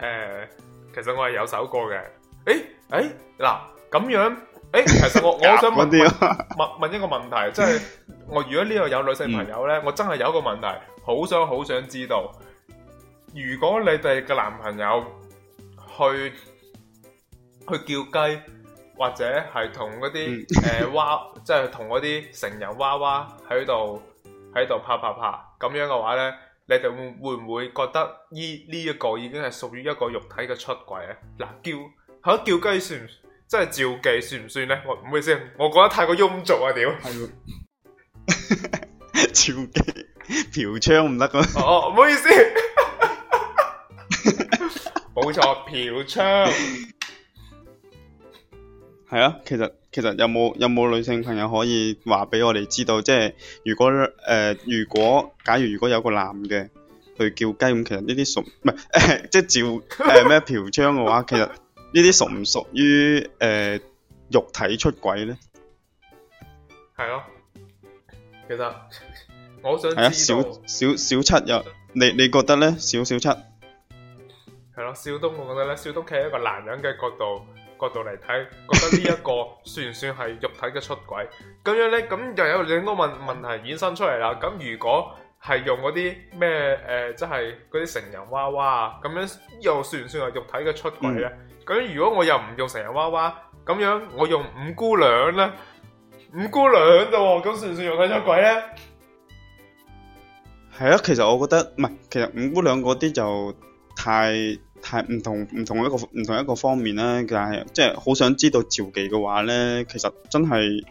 uh,。其實我係有首歌嘅，誒誒，嗱咁樣，誒，其實我我想問問問一個問題，即係我如果呢度有女性朋友呢，我真係有一個問題，好想好想知道，如果你哋嘅男朋友去去叫雞，或者係同嗰啲誒娃，即係同嗰啲成人娃娃喺度喺度啪啪啪，咁樣嘅話呢？你哋會會唔會覺得依呢一個已經係屬於一個肉體嘅出軌咧？嗱，叫嚇叫雞算，即係照計算唔算咧？我唔好意思，我講得太過庸俗啊！屌，照 計嫖娼唔得咯。哦，唔好意思，冇 錯，嫖娼。係啊，其實其實有冇有冇女性朋友可以話俾我哋知道，即係如果誒、呃、如果假如如果有個男嘅去叫雞咁，其實呢啲屬唔係即係照誒咩、呃、嫖娼嘅話 其實呢啲屬、呃啊，其實呢啲屬唔屬於誒肉體出軌咧？係咯，其實我想係啊，小小小、小七又你你覺得咧？小小七係咯、啊，少東我覺得咧，少東企喺一個男人嘅角度角度嚟睇，覺得呢一個算唔算係肉體嘅出軌？咁樣咧，咁又有另一個問問題衍生出嚟啦。咁如果係用嗰啲咩誒，即係嗰啲成人娃娃啊，咁樣又算唔算係肉體嘅出軌咧？咁如果我又唔用成人娃娃，咁樣我用五姑娘咧，五姑娘啫喎，咁算唔算肉體出軌咧？係啊，其實我覺得唔係，其實五姑娘嗰啲就太～係唔同唔同一個唔同一個方面咧，但係即係好想知道趙記嘅話咧，其實真係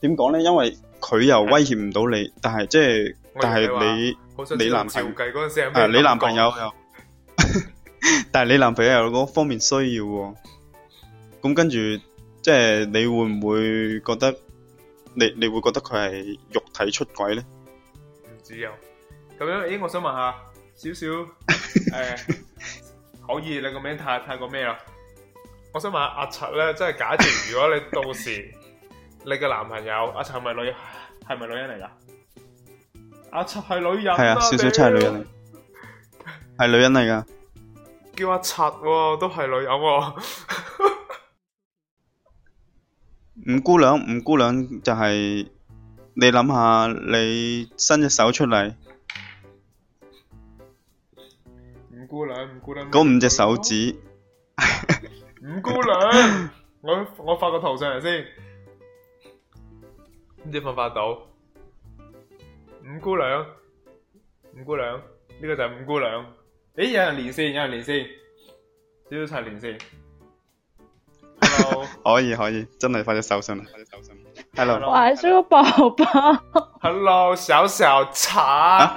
點講咧？因為佢又威脅唔到你，但係即係但係你你男趙記嗰陣時係咩？你男朋友又，但係你男朋友有嗰方面需要，咁跟住即係你會唔會覺得你你會覺得佢係肉體出軌咧？唔知有咁樣？誒，我想問下少少誒。可以，你個名太太過咩啦？我想問下阿七咧，即係假設如果你到時 你嘅男朋友阿七係咪女係咪女人嚟㗎？阿七係女人，啊，係啊，少少真係女人嚟，係女人嚟㗎。叫阿七喎，哦，都係女人喎，哦。 五姑娘，五姑娘就係你諗下，你，想想你伸隻手出嚟。五姑娘，五姑娘，嗰五隻手指，五姑娘，我我發個圖上嚟先，點先發到？五姑娘，五姑娘，呢個就五姑娘。誒，有人連線，有人連線，小小茶連線。Hello，可以可以，真係發隻手信，發隻手信。Hello，我係小寶寶。Hello，小小茶。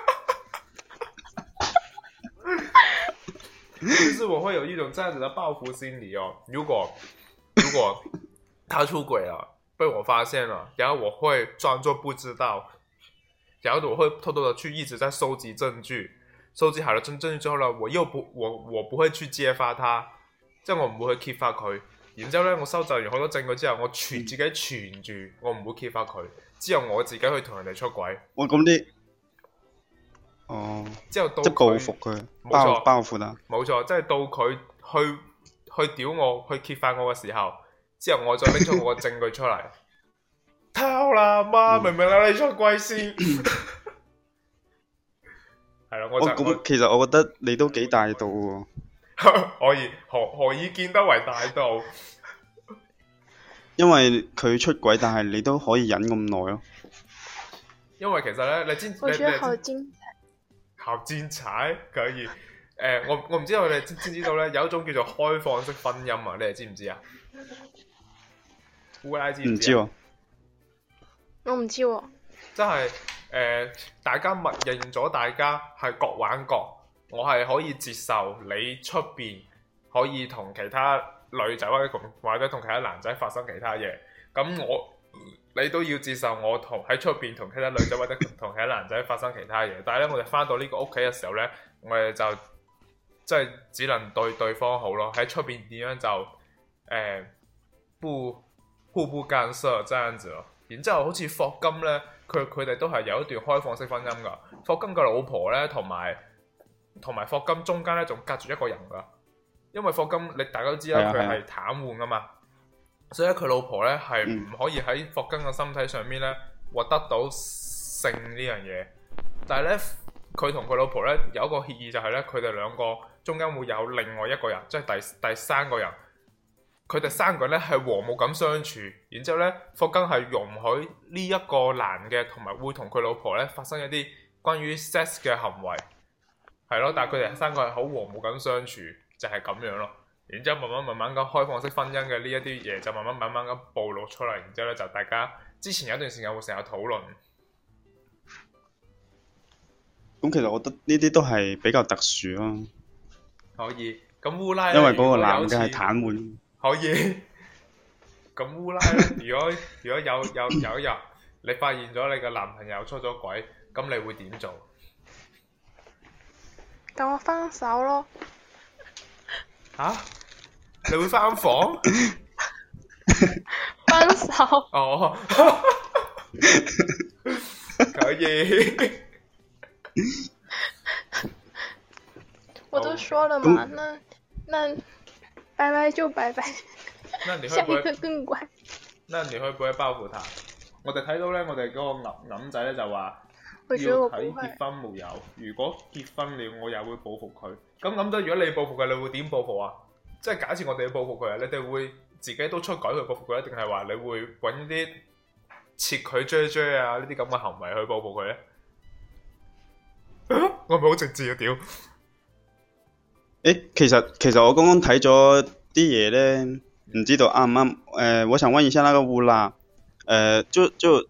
就 是我會有一種這樣子的報復心理哦。如果如果他出軌了，被我發現了，然後我會裝作不知道，然後我會偷偷地去一直在收集證據，收集好了證據之後呢，我又不我我不會去揭發他，即係我唔會去揭發佢。然之後呢，我收集完好多證據之後，我全自己存住，我唔會揭發佢。之後我自己去同人哋出軌。我咁你。哦，之後到即報復佢包包括啦，冇錯，即係、就是、到佢去去屌我，去揭發我嘅時候，之後我再拎出我個證據出嚟， 偷啦媽，明明係、嗯、你出軌先，係 咯， 我就我，我其實我覺得你都幾大度喎， 何以何何以見得為大度？ 因為佢出軌，但係你都可以忍咁耐咯，因為其實咧，你知你我專靠剪踩可以，誒、呃、我我唔知我哋知唔知道咧，有一種叫做開放式婚姻啊，你哋知唔知啊？烏拉知唔知？我唔知喎。即係誒，大家默認咗大家係各玩各，我係可以接受你出邊可以同其他女仔或者同或者同其他男仔發生其他嘢，咁我。你都要接受我同喺出邊同其他女仔或者同其他男仔發生其他嘢，但係咧，我哋翻到呢個屋企嘅時候咧，我哋就即係、就是、只能對對方好咯。喺出邊點樣就誒、欸、不，不不不干涉，這樣子咯。然之後好似霍金咧，佢佢哋都係有一段開放式婚姻噶。霍金嘅老婆咧，同埋同埋霍金中間咧，仲隔住一個人噶，因為霍金你大家都知啦，佢係癱瘓噶嘛。所以佢老婆咧係唔可以喺霍根嘅身體上面咧獲得到性呢樣嘢。但係咧，佢同佢老婆咧有一個協議，就係咧佢哋兩個中間會有另外一個人，即係第第三個人。佢哋三個人咧係和睦咁相處，然之後咧霍根係容許呢一個男嘅同埋會同佢老婆咧發生一啲關於 sex 嘅行為，係咯。但係佢哋三個人好和睦咁相處，就係咁樣咯。然之後慢慢慢慢咁開放式婚姻嘅呢一啲嘢，就慢慢慢慢咁暴露出嚟，然之後咧就大家之前有一段時間會成日討論。咁其實我覺得呢啲都係比較特殊咯，啊。可以，咁烏拉呢。因為嗰個男嘅係坦緩。可以。咁烏拉呢，如果如果有 有有，有一日你發現咗你嘅男朋友出咗軌，咁你會點做？等我分手咯。啊！你會翻房分手哦？搞 嘢，我都說了嘛，哦、那那拜拜就拜拜，那你可可下一個更乖。那你可，不可以不會報復他？我哋睇到咧，我哋嗰個銀銀仔咧就話。要睇結婚冇有，如果結婚了，我也會報復佢。咁諗到，如果你報復佢，你會點報復啊？即係假設我哋要報復佢，你哋會自己都出軌去報復佢，定係話你會搵啲切佢追追啊？呢啲咁嘅行為去報復佢咧？我咪好直接啊！屌，誒，其實其實我剛剛睇咗啲嘢咧，唔知道啱唔啱？誒、呃，我想問一下那個烏拉，誒、呃，就就。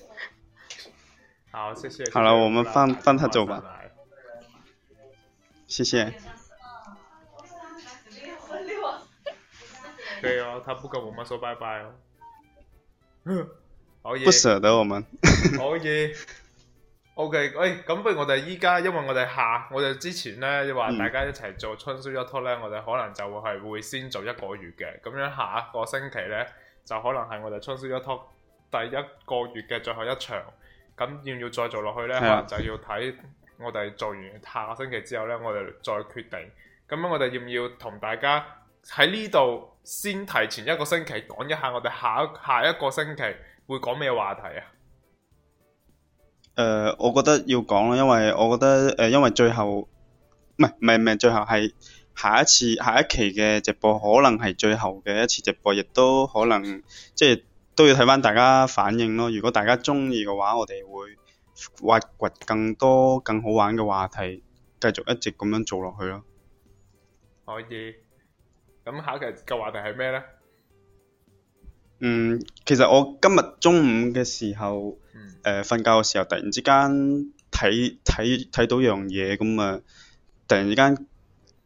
好，謝謝。謝謝，好啦，我們放放他走吧。謝謝。對哦，他不跟我們說拜拜哦。好 嘢，不捨得我們。好 嘢。OK，喂、欸，咁不如我哋依家，因為我哋下，我哋之前咧就話大家一齊做春宵一拖咧，我哋可能就係會，會先做一個月嘅，咁樣下一個星期咧就可能係我哋春宵一拖第一個月嘅最後一場。咁要唔要再做落去呢、啊？可能就要睇我哋做完下個星期之後呢，我哋再決定。咁樣我哋要唔要同大家喺呢度先提前一個星期講一下，我哋下一下一個星期會講咩話題啊？誒、呃，我覺得要講咯，因為我覺得誒、呃，因為最後唔係唔係最後係，下一次下一期嘅直播，可能係最後嘅一次直播，亦都可能即係。就是都要睇翻大家反應咯。如果大家中意嘅話，我哋會挖掘更多更好玩嘅話題，繼續一直咁樣做落去咯。可以。咁下期嘅話題係咩咧？嗯，其實我今日中午嘅時候，誒、嗯、瞓、呃、覺嘅時候，突然之間睇睇睇到一件事樣嘢，咁啊，突然之間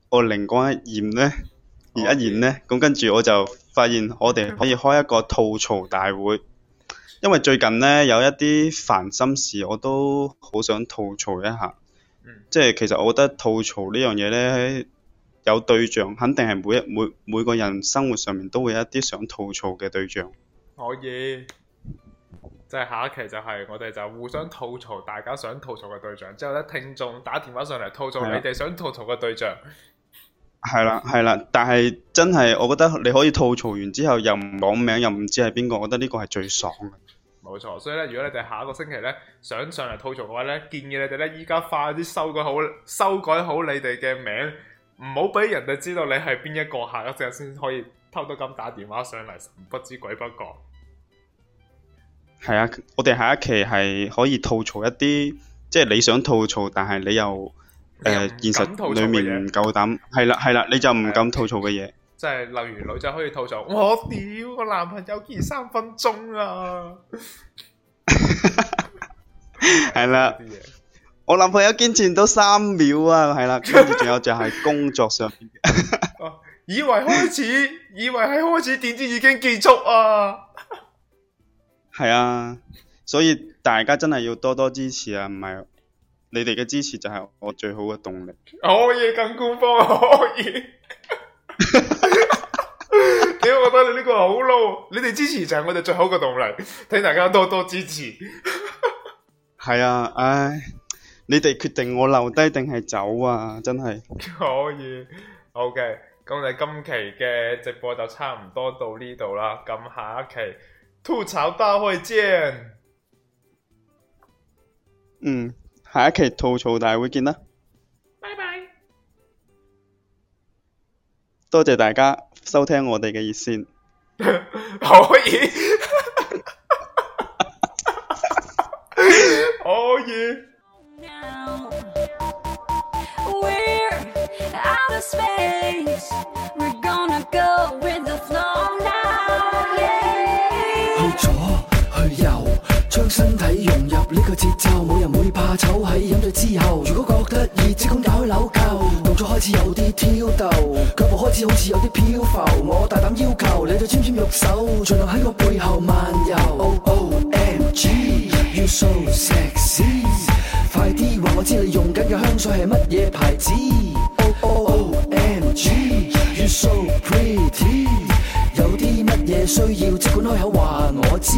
我靈光一現咧。而一言呢，咁跟住我就發現我哋可以開一個吐槽大會，因為最近呢，有一啲煩心事，我都好想吐槽一下。嗯，即係其實我覺得吐槽呢樣嘢呢，有對象，肯定係每一每每個人生活上面都會有一啲想吐槽嘅對象。可以，即係下一期就係我哋就互相吐槽，大家想吐槽嘅對象，之後咧聽眾打電話上嚟吐槽你哋想吐槽嘅對象。係啦，係啦，但係真係，我覺得你可以吐槽完之後又，又唔講名，又唔知係邊個，我覺得呢個係最爽嘅。冇錯，所以咧，如果你哋下一個星期咧想上嚟吐槽嘅話咧，建議你哋咧依家快啲修改好，修改好你哋嘅名，唔好俾人哋知道你係邊一個，下一隻先可以偷偷咁打電話上嚟，神不知鬼不覺。係啊，我哋下一期係可以吐槽一啲，即係你想吐槽，但係你又。誒、呃，現實裏面唔夠膽，係啦，係啦，你就唔敢吐槽嘅嘢，即係例如女仔可以吐槽，我屌個男朋友堅持三分鐘啊，係啦，我男朋友堅持到三秒啊，係啦，跟住仲有就係工作上邊， 以為開始，以為係開始，點知已經結束啊，係 啊，所以大家真係要多多支持啊，唔係。你哋嘅支持就係我最好嘅動力，可以咁官方可以，屌 我覺得你呢個好 low。你哋支持就係我哋最好嘅動力，睇大家多多支持。係 啊，唉，你哋決定我留低定係走啊？真係可以。OK，咁你今期嘅直播就差唔多到呢度啦，咁下一期吐槽大會見。嗯。下一期吐槽大會見啦！拜拜！多謝大家收聽我哋嘅熱線。 可以， 可以。去咗。 身體融入呢個節奏，冇人會怕醜喺飲醉之後。如果覺得熱，即管打開紐扣，動作開始有啲挑逗，腳步開始好似有啲漂浮。我大膽要求你就尖尖玉手，盡量喺我背後漫遊。O O M G you so sexy，快啲話我知你用緊嘅香水係乜嘢牌子。O O M G you so pretty，有啲乜嘢需要即管開口話我知。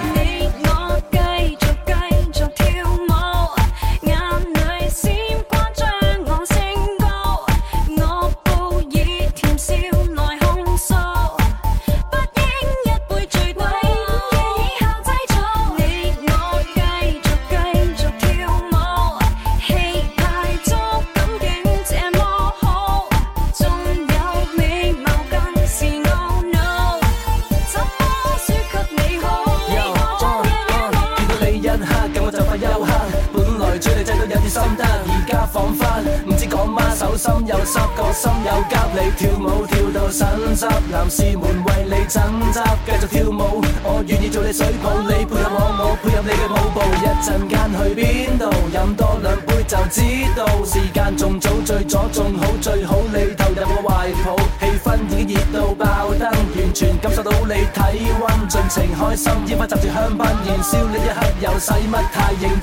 水抱你，配合我，我配合你嘅舞步，一陣間去邊度？飲多兩杯就知道，時間仲早醉，醉咗仲好，最好你投入我懷抱，氣氛已經熱到爆燈，完全感受到你體溫，盡情開心，煙花插住香檳燃燒，你一刻又使乜太認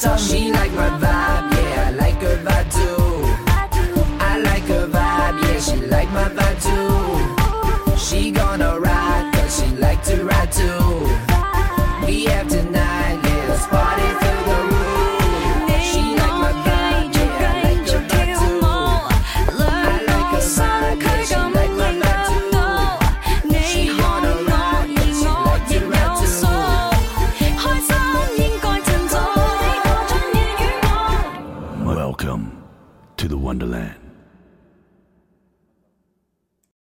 真？